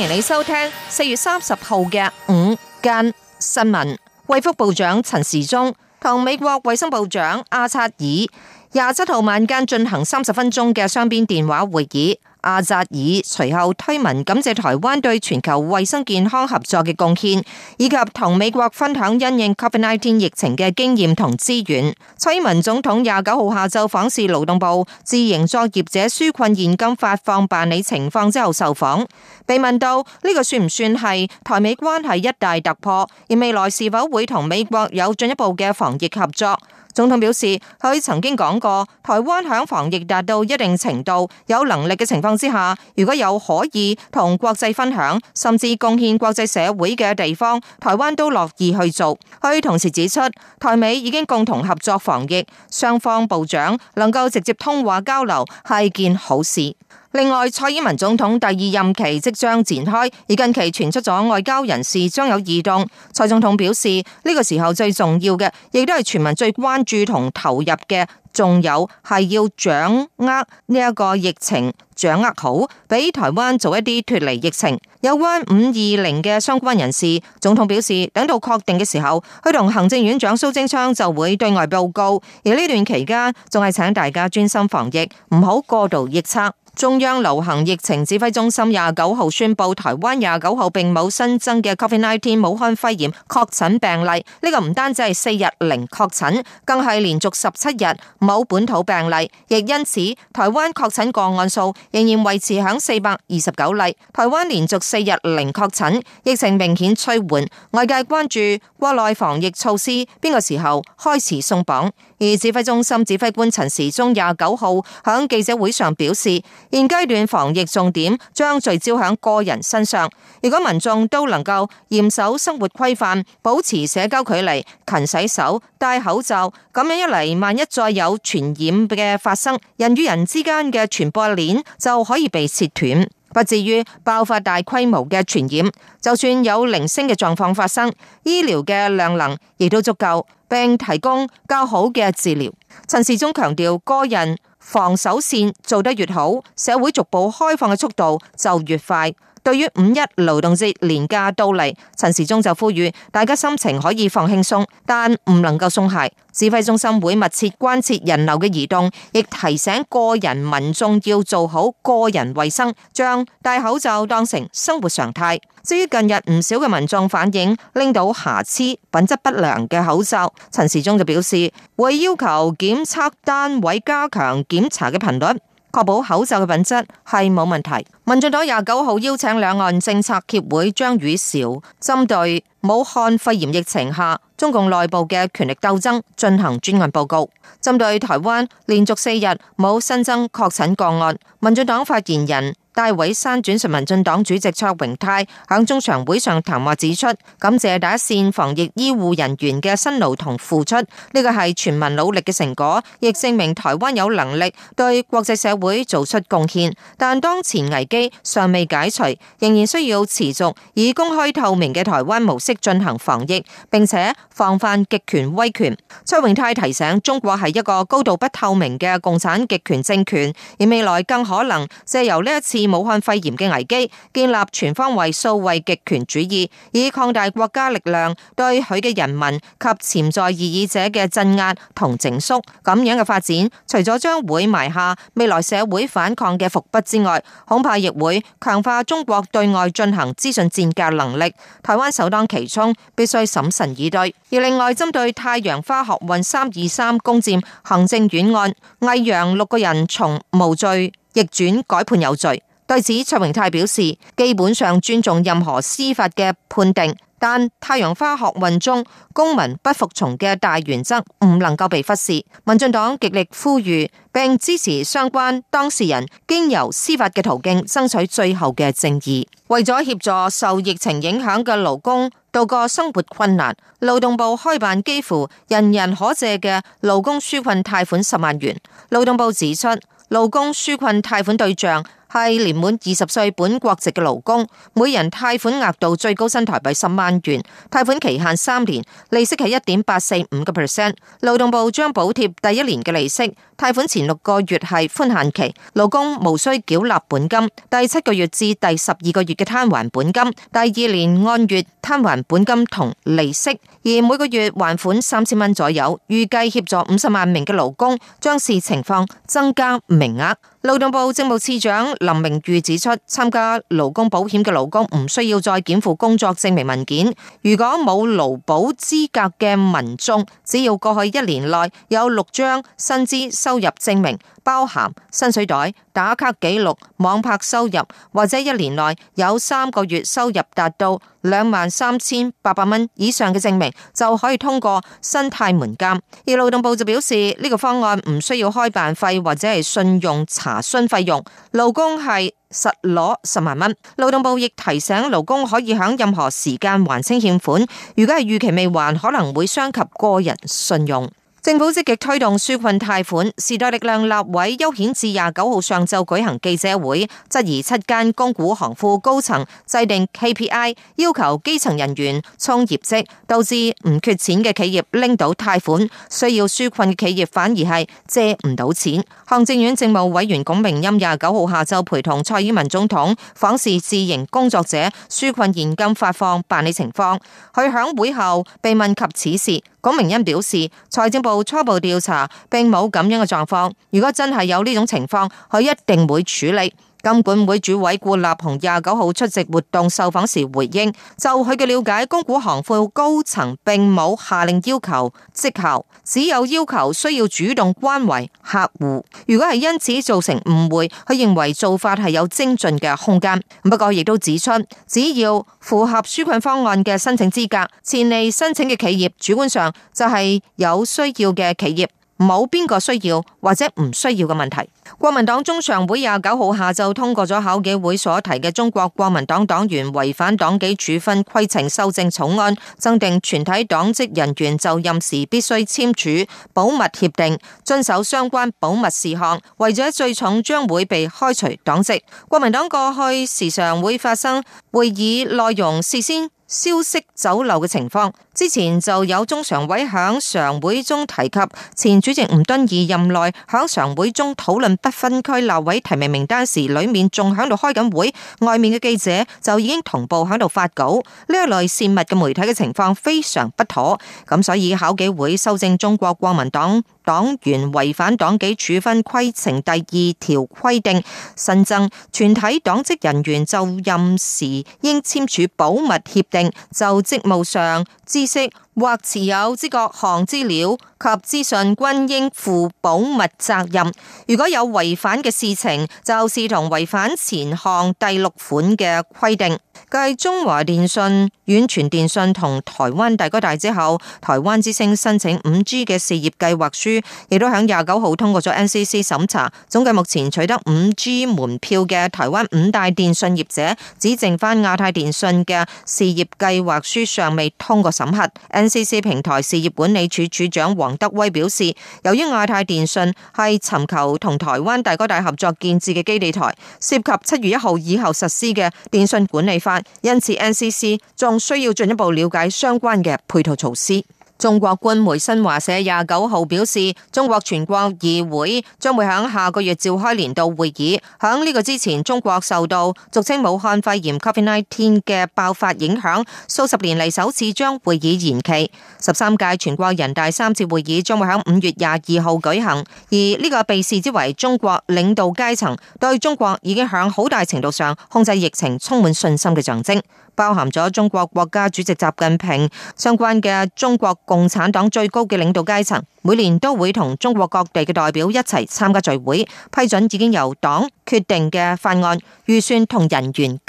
歡迎你收聽四月三十號嘅午間新聞。衛福部長陳時中同美國衛生部長阿薩爾廿七號晚間進行三十分鐘嘅雙邊電話會議。阿扎爾隨後推文感謝台灣對全球衛生健康合作嘅貢獻，以及同美國分享因應 COVID-19 疫情嘅經驗同資源。蔡英文總統廿九號下晝訪視勞動部自營作業者紓困現金發放辦理情況之後受訪，被問到呢個算唔算係台美關係一大突破，而未來是否會同美國有進一步嘅防疫合作？總統表示，佢曾經講過，台灣響防疫達到一定程度、有能力嘅情況之下，如果有可以同國際分享，甚至貢獻國際社會嘅地方，台灣都樂意去做。佢同時指出，台美已經共同合作防疫，雙方部長能夠直接通話交流係件好事。另外，蔡英文總統第二任期即將展開，而近期傳出咗外交人事將有異動。蔡總統表示，呢個時候最重要嘅，亦都係全民最關注同投入嘅，仲有係要掌握呢一個疫情，掌握好俾台灣做一啲脫離疫情有關五二零嘅相關人士。總統表示，等到確定嘅時候，佢同行政院長蘇貞昌就會對外報告。而呢段期間，仲係請大家專心防疫，唔好過度臆測。中央流行疫情指揮中心廿九號宣布，台灣廿九號並冇新增嘅 COVID-19 武漢肺炎確診病例，呢、這個唔單止係四日零確診，更係連續十七日冇本土病例，亦因此台灣確診個案數仍然維持響四百二十九例。台灣連續四日零確診，疫情明顯趨緩。外界關注國內防疫措施邊個時候開始鬆綁，而指揮中心指揮官陳時中廿九號響記者會上表示。現階段防疫重點將聚焦喺個人身上。如果民眾都能夠嚴守生活規範，保持社交距離，勤洗手，戴口罩，咁樣一嚟，萬一再有傳染嘅發生，人與人之間嘅傳播鏈就可以被切斷，不至於爆發大規模嘅傳染。就算有零星嘅狀況發生，醫療嘅量能亦都足夠，並提供較好嘅治療。陳時中強調，個人防守線做得越好，社會逐步開放嘅速度就越快。對於五一勞動節連假到嚟，陳時中就呼籲大家心情可以放輕鬆，但唔能夠鬆懈。指揮中心會密切關切人流嘅移動，亦提醒個人民眾要做好個人衛生，將戴口罩當成生活常態。至於近日唔少嘅民眾反映拎到瑕疵、品質不良嘅口罩，陳時中就表示會要求檢測單位加強檢查嘅頻率。確保口罩嘅品質係冇問題。民進黨廿九號邀請兩岸政策協會張宇韶，針對武漢肺炎疫情下中共內部嘅權力鬥爭進行專案報告。針對台灣連續四日冇新增確診個案，民進黨發言人，戴偉山轉述民進黨主席卓榮泰喺中常會上談話指出，感謝第一線防疫醫護人員嘅辛勞同付出，呢個係全民努力嘅成果，亦證明台灣有能力對國際社會做出貢獻。但當前危機尚未解除，仍然需要持續以公開透明嘅台灣模式進行防疫，並且防範極權威權。卓榮泰提醒，中國係一個高度不透明嘅共產極權政權，而未來更可能借由呢一次。以武漢肺炎嘅危機建立全方位數位極權主義，以擴大國家力量對佢嘅人民及潛在異議者嘅鎮壓同整肅。咁樣嘅發展，除咗將會埋下未來社會反抗嘅伏筆之外，恐怕亦會強化中國對外進行資訊戰嘅能力。台灣首當其衝，必須審慎以對。而另外針對太陽花學運三二三攻佔行政院案，魏揚六個人從無罪逆轉改判有罪。對此，卓榮泰表示，基本上尊重任何司法嘅判定，但太陽花學運中公民不服從嘅大原則唔能夠被忽視。民進黨極力呼籲並支持相關當事人經由司法嘅途徑爭取最後嘅正義。為咗協助受疫情影響嘅勞工渡過生活困難，勞動部開辦幾乎人人可借嘅勞工紓困貸款十萬元。勞動部指出，勞工紓困貸款對象，係年滿二十歲本國籍嘅勞工，每人貸款額度最高新台幣十萬元，貸款期限三年，利息係一點八四五個 percent。勞動部將補貼第一年嘅利息，貸款前六個月係寬限期，勞工無需繳納本金，第七個月至第十二個月嘅攤還本金，第二年按月攤還本金同利息，而每個月還款三千蚊左右，預計協助五十萬名嘅勞工，將視情況增加名額。勞動部政務次長林明裕指出，參加勞工保險嘅勞工唔需要再檢附工作證明文件。如果冇勞保資格嘅民眾，只要過去一年內有六張薪資收入證明，包含薪水袋、打卡記錄、網拍收入，或者一年內有三個月收入達到兩萬三千八百蚊以上嘅證明，就可以通過申貸門檻。而勞動部就表示，呢、這個方案唔需要開辦費或者係信用查詢費用，勞工。係實攞十萬蚊，勞動部亦提醒勞工可以喺任何時間還清欠款。如果係逾期未還，可能會傷及個人信用。政府積極推動紓困貸款，時代力量立委邱顯智廿九號上晝舉行記者會，質疑七間公股行庫高層制定 KPI，要求基層人員衝業績，導致唔缺錢嘅企業拎到貸款，需要紓困嘅企業反而係借唔到錢。行政院政務委員龔明鑫廿九號下晝陪同蔡英文總統訪視自營工作者紓困現金發放辦理情況，佢響會後被問及此事。龔明鑫表示，財政部初步調查並冇咁樣嘅狀況。如果真係有呢種情況，佢一定會處理。金管會主委顧立雄廿九號出席活動受訪時回應，就佢嘅了解，公股行庫高層並冇下令要求績效，只有要求需要主動關懷客戶。如果係因此造成誤會，佢認為做法係有精進嘅空間。不過亦都指出，只要符合紓困方案嘅申請資格，前嚟申請嘅企業主觀上就係有需要嘅企業。冇邊個需要或者唔需要嘅問題。國民黨中常會廿九號下晝通過咗考紀會所提嘅《中國國民黨黨員違反黨紀處分規程修正草案》，增訂全體黨職人員就任時必須簽署保密協定，遵守相關保密事項，違者最重將會被開除黨籍。國民黨過去時常會發生會議內容事先消息走漏嘅情況，之前就有中常委響常會中提及，前主席吳敦義任內響常會中討論不分區立委提名名單時，裏面仲響度開緊會，外面嘅記者就已經同步響度發稿。呢一類泄密嘅媒體嘅情況非常不妥，咁所以考紀會修正《中國國民黨黨員違反黨紀處分規程》第二條規定，新增全體黨職人員就任時應簽署保密協定。就職務上知識，或持有之各項資料及資訊均應負保密責任。如果有違反嘅事情，就視同違反前項第六款嘅規定。繼中華電信、遠傳電信同台灣大哥大之後，台灣之星申請五 G 嘅事業計劃書亦都喺廿九號通過咗 NCC 審查。總計目前取得五 G 門票嘅台灣五大電信業者，只剩翻亞太電信嘅事業計劃書尚未通過審核。NCC 平台事業管理處處長黃德威表示，由於亞太電信係尋求同台灣大哥大合作建置嘅基地台，涉及七月一號以後實施嘅電信管理法，因此 NCC 仲需要進一步了解相關嘅配套措施。中國官媒新華社廿九號表示，中國全國議會將會喺下個月召開年度會議。喺呢個之前，中國受到俗稱武漢肺炎 （COVID-19） 嘅爆發影響，數十年嚟首次將會議延期。十三屆全國人大三次會議將會喺五月廿二號舉行，而呢個被視之為中國領導階層對中國已經響好大程度上控制疫情充滿信心嘅象徵。包含咗中國國家主席習近平相關嘅中國共產黨最高嘅領導階層，每年都會同中國各地嘅代表一齊參加聚會，批准已經由黨決定嘅法案、預算同人員。